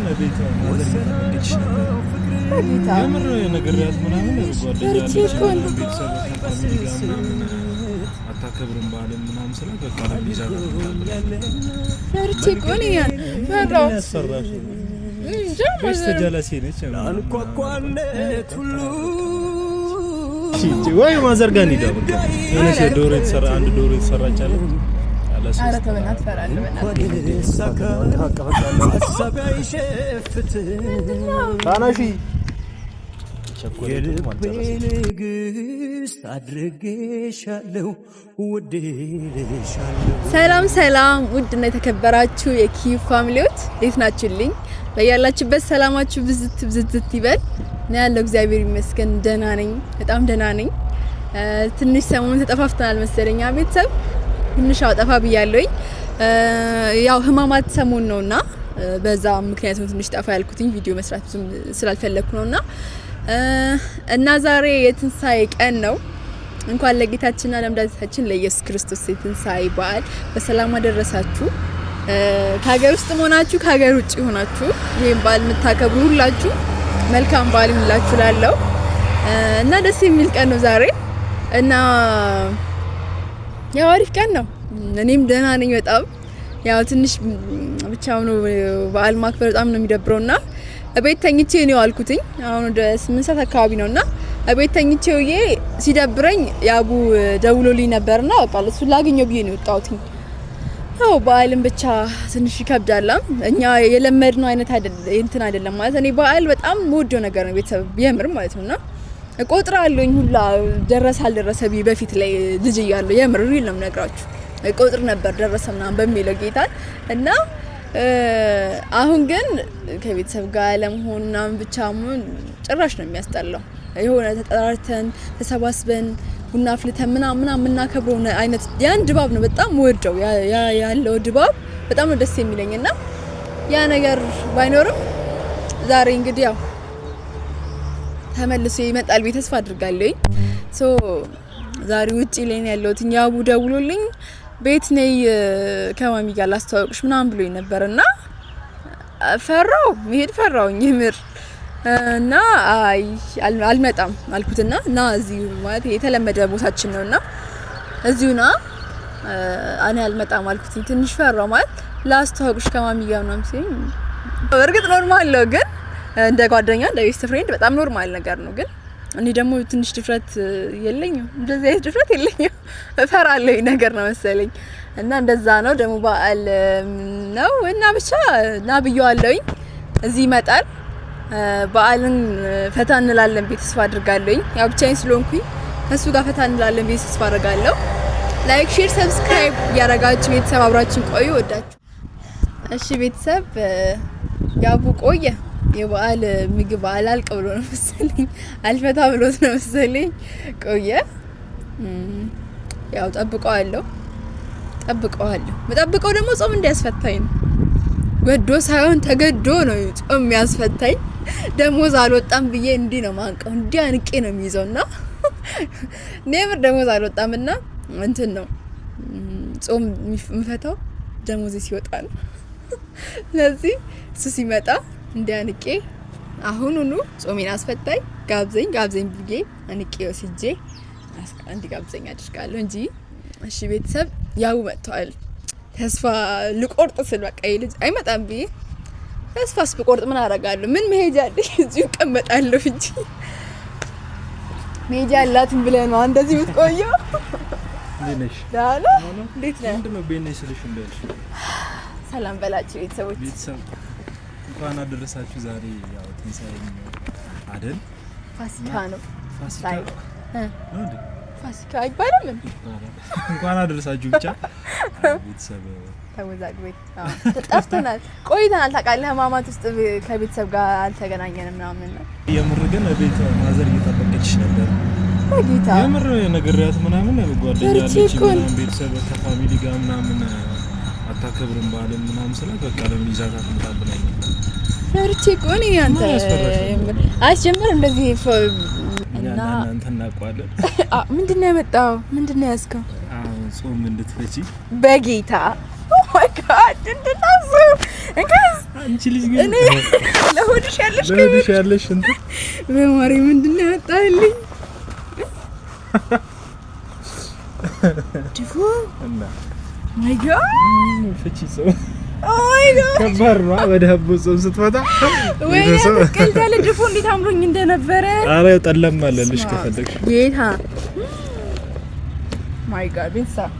ግን ቤት ምናምን ጓደኛለች ቤተሰብ አታከብርም ባለ ምናምን ስለ በቃ ቢዛ ጀለሴ ወይ ማዘርጋ ኒዳ ሆነ ዶሮ የተሰራ አንድ ዶሮ የተሰራች አለ ሰላም ሰላም፣ ውድ እና የተከበራችሁ የኪዩ ፋሚሊዎች እንዴት ናችሁልኝ? በያላችሁበት ሰላማችሁ ብዝት ብዝት ይበል። እና ያለው እግዚአብሔር ይመስገን ደህና ነኝ፣ በጣም ደህና ነኝ። ትንሽ ሰሞኑን ተጠፋፍተናል መሰለኛ ቤተሰብ ትንሽ አጠፋ ብያለሁኝ። ያው ህማማት ሰሞን ነውና በዛ ምክንያት ነው ትንሽ ጠፋ ያልኩትኝ ቪዲዮ መስራት ብዙም ስላልፈለግኩ ነውና እና ዛሬ የትንሳኤ ቀን ነው። እንኳን ለጌታችንና ለመድኃኒታችን ለኢየሱስ ክርስቶስ የትንሳኤ በዓል በሰላም አደረሳችሁ። ከሀገር ውስጥ መሆናችሁ ከሀገር ውጭ ሆናችሁ ይህም በዓል የምታከብሩ ሁላችሁ መልካም በዓል ይሁንላችሁ ላለው እና ደስ የሚል ቀን ነው ዛሬ እና ያው አሪፍ ቀን ነው። እኔም ደህና ነኝ በጣም ያው ትንሽ ብቻ ብቻውን በዓል ማክበር በጣም ነው የሚደብረው የሚደብረውና እቤት ተኝቼ ነው ያልኩትኝ። አሁን ወደ ስምንት ሰዓት አካባቢ ነው ነውና እቤት ተኝቼ ውዬ ሲደብረኝ ያቡ ደውሎልኝ ነበርና በቃ እሱን ላገኘው ብዬ ነው የወጣሁትኝ። ያው በዓልም ብቻ ትንሽ ይከብዳላም እኛ የለመድነው አይነት እንትን አይደለም ማለት እኔ በዓል በጣም ወደው ነገር ነው ቤተሰብ የምር ማለት ነው ነውና እቆጥራለሁኝ ሁላ ደረሰ አልደረሰ ብዬ በፊት ላይ ልጅ እያለሁ የምር ሪል ነው የምነግራችሁ ነበር ደረሰ ምናምን በሚለው ጌታን እና አሁን ግን ከቤተሰብ ጋር ለመሆን ምናምን ብቻ ጭራሽ ነው የሚያስጠላው። የሆነ ተጠራርተን ተሰባስበን ቡና አፍልተን ምናምን ምናምን የምናከብረው አይነት ያን ድባብ ነው በጣም ወደው ያለው ድባብ በጣም ነው ደስ የሚለኝ እና ያ ነገር ባይኖርም ዛሬ እንግዲህ ያው ተመልሶ ይመጣል ብዬ ተስፋ አድርጋለኝ። ሶ ዛሬ ውጭ ላይ ነው ያለሁት። ያቡ ደውሎልኝ ቤት ነይ ከማሚ ጋር ላስተዋወቅሽ ምናምን ብሎኝ ነበር እና ፈራው መሄድ ፈራውኝ ምር እና አይ አልመጣም አልኩትና እና እዚሁ ማለት የተለመደ ቦታችን ነው ነውና እዚሁና እኔ አልመጣም አልኩትኝ። ትንሽ ፈራው ማለት ላስተዋወቅሽ ከማሚ ጋር ምናምን ሲል እርግጥ ኖርማል ነው ግን እንደ ጓደኛ እንደ ቤስት ፍሬንድ በጣም ኖርማል ነገር ነው። ግን እኔ ደግሞ ትንሽ ድፍረት የለኝም፣ እንደዚህ አይነት ድፍረት የለኝም። እፈራለሁ ነገር ነው መሰለኝ እና እንደዛ ነው ደግሞ በዓል ነው እና ብቻ እና ብየዋለሁኝ። እዚህ ይመጣል በዓልን ፈታ እንላለን ቤት ተስፋ አድርጋለሁኝ። ያው ብቻዬን ስለሆንኩኝ ከእሱ ጋር ፈታ እንላለን ቤት ተስፋ አድርጋለሁ። ላይክ፣ ሼር፣ ሰብስክራይብ እያረጋችሁ ቤተሰብ አብራችን ቆዩ። ወዳችሁ እሺ ቤተሰብ ያቡ ቆየ የበዓል ምግብ አላልቅ ብሎ ነው መሰለኝ፣ አልፈታ ብሎት ነው መሰለኝ ቆየ። ያው ጠብቀዋለሁ ጠብቀዋለሁ። መጠብቀው ደግሞ ጾም እንዲያስፈታኝ ነው። ወዶ ሳይሆን ተገዶ ነው ጾም የሚያስፈታኝ። ደሞዝ አልወጣም ብዬ እንዲህ ነው ማንቀው፣ እንዲህ አንቄ ነው የሚይዘው እና ኔምር ደሞዝ አልወጣም እንትን ነው ጾም የምፈታው ደሞዜ ሲወጣ ነው። ስለዚህ እሱ ሲመጣ እንዳንቄ አሁኑኑ ጾሜን አስፈታኝ ጋብዘኝ ጋብዘኝ ብዬ አንቄ ወስጄ ጋብዘኝ አድርጋለሁ እንጂ እሺ ቤተሰብ ያው መጥተዋል። ተስፋ ልቆርጥ ስል በቃ ልጅ አይመጣም ብዬ ተስፋስ ብቆርጥ ምን አደርጋለሁ? ምን መሄጃ አለ? እዚሁ እቀመጣለሁ እንጂ መሄጃ አላትም ብለህ ነው እንደዚህ ብትቆየው። ሰላም በላቸው ቤተሰቦች። እንኳን አደረሳችሁ። ዛሬ ያው ትንሳኤ አይደል? ፋሲካ ነው። ፋሲካ ነው እንዴ? ፋሲካ አይባልም። እንኳን አደረሳችሁ። ብቻ ቤተሰብ ተወዛግበን ተጠፍተናል፣ ቆይተናል። ታውቃለህ፣ ህማማት ውስጥ ከቤተሰብ ጋር አልተገናኘንም ምናምን ነው። የምር ግን ቤት ማዘር እየጠበቀችሽ ነበር። ጌታ የምር ነግሬያት ምናምን ጓደኛ አለች ቤተሰብ ከፋሚሊ ጋር ምናምን አታከብርም ባልን ምናምን ስላት በቃ ለሚዛጋት ምታብናኝ ፈርቼ ቆን ያንተ አስጀምር እንደዚህ እና እናንተ እናውቀዋለን። ምንድን ነው የመጣው? ምንድን ነው ያዝከው? ጾም እንድትፈጪ በጌታ oh አንቺ ልጅ ግን ለሆድሽ ያለሽ ለሆድሽ ያለሽ ምንድን ነው ያመጣልኝ? ፍቺ ጾም ከባድ ነው። ወደ ሀቦ ጾም ስትመጣ ወይ ቀልድ ያለ ድፎ እንዴት አምሮኝ እንደነበረ። አረ ጠለም አለልሽ ከፈለግሽ ጌታ ማይ ጋድ ቤተሰብ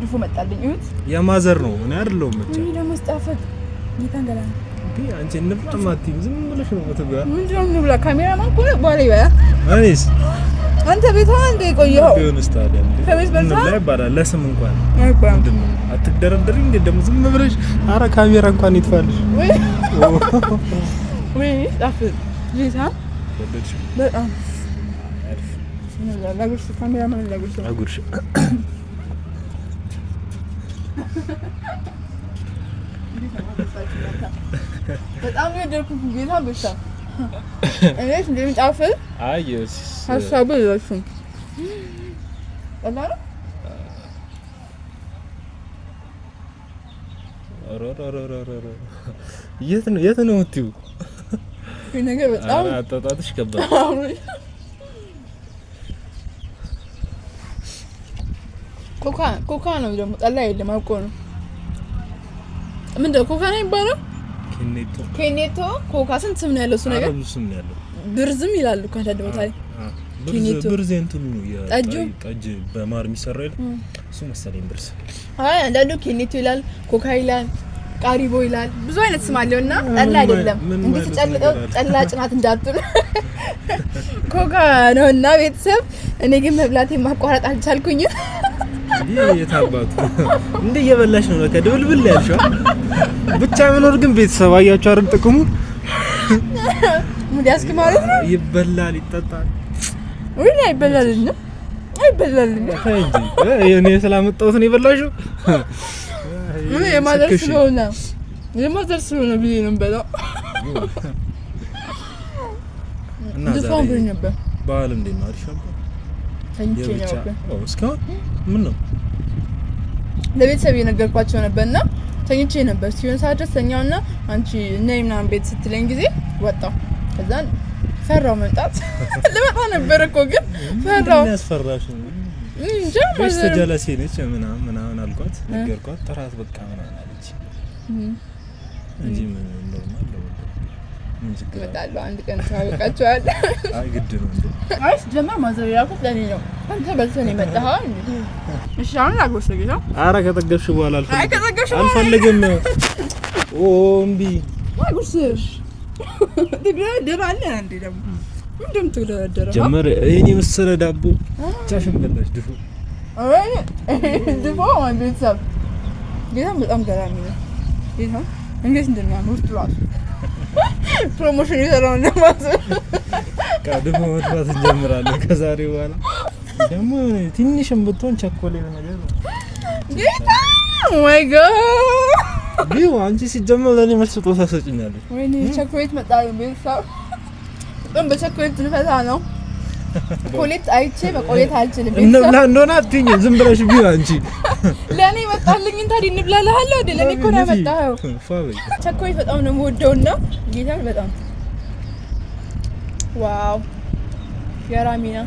ድፎ መጣልኝ። እዩት የማዘር ነው እኔ አይደለሁም። ብቻ ምን ለመስጣፈጥ ጌታ ገላ አንቺ ዝም ብለሽ ነው ምትበያ። ምንድን ነው የምንብላ? ካሜራማን እኮ ነው በኋላ ይበላል። እኔስ አንተ ቤት አንዴ ቆየው ቢሆንስ ታዲያ ከቤት ላይ ይባላል። ለስም እንኳን አይባል አትደረደሪ። እንዴ ደግሞ ዝም ብለሽ አረ ካሜራ እንኳን ይጥፋልሽ ወይ ጣፍ ጂታ በጣም ላጉርሽ በጣም የወደድኩት ጌታ በሻ እንዴት እንደሚጣፍጥ አይ ሀሳቡ ይወሱም ቀላል የት ነው የት ነው የምትይው? ነገር በጣም አጣጣትሽ ከባድ። ኮካ ኮካ ነው ደግሞ ጠላ የለም አውቆ ነው ምንድን ነው ኮካ ነው የሚባለው? ኬኔቶ ኬኔቶ ኮካ ስንት ስም ነው ያለው? እሱ ነገር ብዙ ስም ነው ያለው። ብርዝም ይላሉ እኮ አንዳንድ ቦታ ኬኔቶ ብርዝ እንትኑ ነው ጠጅ ጠጅ በማር የሚሰራ ይል እሱ መሰለኝ ብርዝ። አይ አንዳንዱ ኬኔቶ ይላል፣ ኮካ ይላል፣ ቃሪቦ ይላል። ብዙ አይነት ስም አለው እና ጠላ አይደለም እንዴት ተጨልቀው ጠላ ጭናት እንዳትሉ ኮካ ነውና ቤተሰብ። እኔ ግን መብላት ማቋረጥ አልቻልኩኝም። የታባቱ እንደ እየበላሽ ነው። ለካ ድብልብል ያልሽው ብቻ መኖር ግን ቤተሰብ አያችሁ አይደል ጥቅሙ ሙዲያስክ ማለት ነው። ይበላል፣ ይጠጣል። ወይ ላይ እንዴ? አይበላል እንዴ? እኔ ስላመጣሁት ነው የበላሽው። ምን የማደር ስለሆነ የማደር ስለሆነ ብዬ ነው የምበላው። እና ዛሬ በዓል እንዴት ነው? አሪፍ ነበር እስካሁን ምን ነው ለቤተሰብ የነገርኳቸው ነበር እና ተኝቼ ነበር ሲሆን ሰዓት ድረስ ተኛው ና አንቺ ነይ ምናምን ቤት ስትለኝ ጊዜ ወጣሁ። ከዛ ፈራው መምጣት ልመጣ ነበር እኮ ግን ፈራው። ያስፈራሽ እንጃ ጀለሴ ነች ምናምን ምናምን አልኳት ነገርኳት። ጥራት በቃ ምናምን አለች እንጂ እመጣለሁ። አንድ ቀን ታወቃቸዋለህ። አይ ግድ ነው እንዴ? አይ ማዘር ያልኩት ነው። አንተ በልተህ ነው የመጣኸው። እሺ አሁን ከጠገብሽ በኋላ ከጠገብሽ በኋላ አልፈልግም። እንዴ ደግሞ ትደረደረ ጀመር የመሰለ ዳቦ ቻሽን በላሽ ድፎ ድፎ ቤተሰብ በጣም ገራሚ ነው። እንዴት እንደሚያምር ፕሮሞሽን የሰራውን ለማዘር ቀድሞ መጥፋት እንጀምራለን። ከዛሬ በኋላ ደግሞ ትንሽም ብትሆን ቸኮሌት ነገር ጌታ ማይ oh ጋድ ቢው አንቺ ሲጀመር ለኔ መልስ ስጦታ ሰጭኛለች። ወይኔ ቸኮሌት መጣ ቤተሰብ በቸኮሌት ልፈታ ነው ኮሌት አይቼ መቆየት አልችልም። እንብላ እንደሆነ አትይኝ፣ ዝም ብለሽ ቢሆን አንቺ ለእኔ መጣልኝ። ታዲያ እንብላለሃለሁ አይደል? ለእኔ እኮ ነው ያመጣኸው። በጣም ነው የምወደውና ጌታን በጣም ዋው፣ ገራሚ ነው።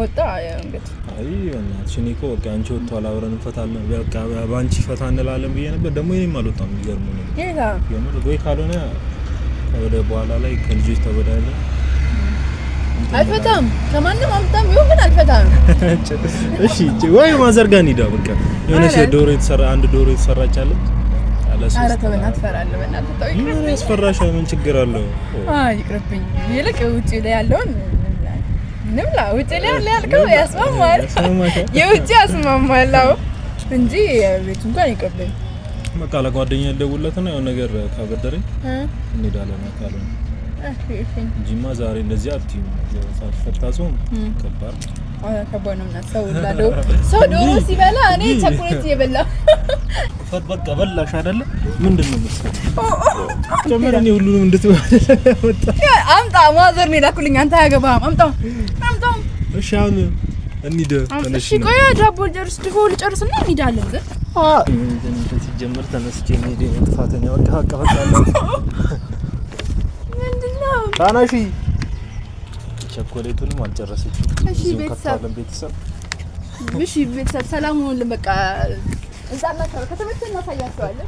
ወጣ እንግዲህ አይ በእናትሽ እኔ ፈታ እንላለን ብዬ ነበር። ደግሞ እኔም አልወጣም። የሚገርመው ወይ ካልሆነ ወደ በኋላ ላይ ከልጆች ተበዳለ አልፈታም። ከማንም አምጣም ይሁን ግን አልፈታም። እሺ ወይ ማዘር ጋር እንሂዳ በቃ የሆነች ዶሮ የተሰራ አንድ ዶሮ የተሰራች አለች። ኧረ ምን ችግር አለው? ይቅርብኝ። ይልቅ ውጪ ላይ ያለውን እንብላ ውጭ ላይ ያለ ያልከው ያስማማል፣ የውጭ ያስማማል። አዎ እንጂ ቤት እንኳን ይቀበል። በቃ ለጓደኛ ነው ያው ነገር ካበደረኝ እንሄዳለን። ካለ እንጂማ ዛሬ እንደዚህ አትይም። ሳትፈታ ጾም ከባድ ከባድ ነው ምናምን ሰው ላለው ሰው ዶሮ ሲበላ እኔ ቸኮሌት እየበላሁ በቃ በላሽ አይደለ? ምንድን ነው የምትሰራው? ጀመረ እኔ ሁሉንም እንድትበላ አምጣ ማዘር ነው የላኩልኝ። አንተ አያገባህም። አምጣ አምጣ። እሺ አሁን እንሂድ። እሺ ቆይ ዳቦ ልጨርስ፣ ድፎ ልጨርስ እና እንሂዳለን። ግን ሲጀምር ተነስቼ እንሂድ። ጥፋተኛ በቃ በቃ በቃ ታናሺ ቸኮሌቱንም አልጨረሰችም። እሺ ቤተሰብ ቤተሰብ እሺ ቤተሰብ ሰላም ሁኑልን። በቃ እዛ እናሳያቸዋለን።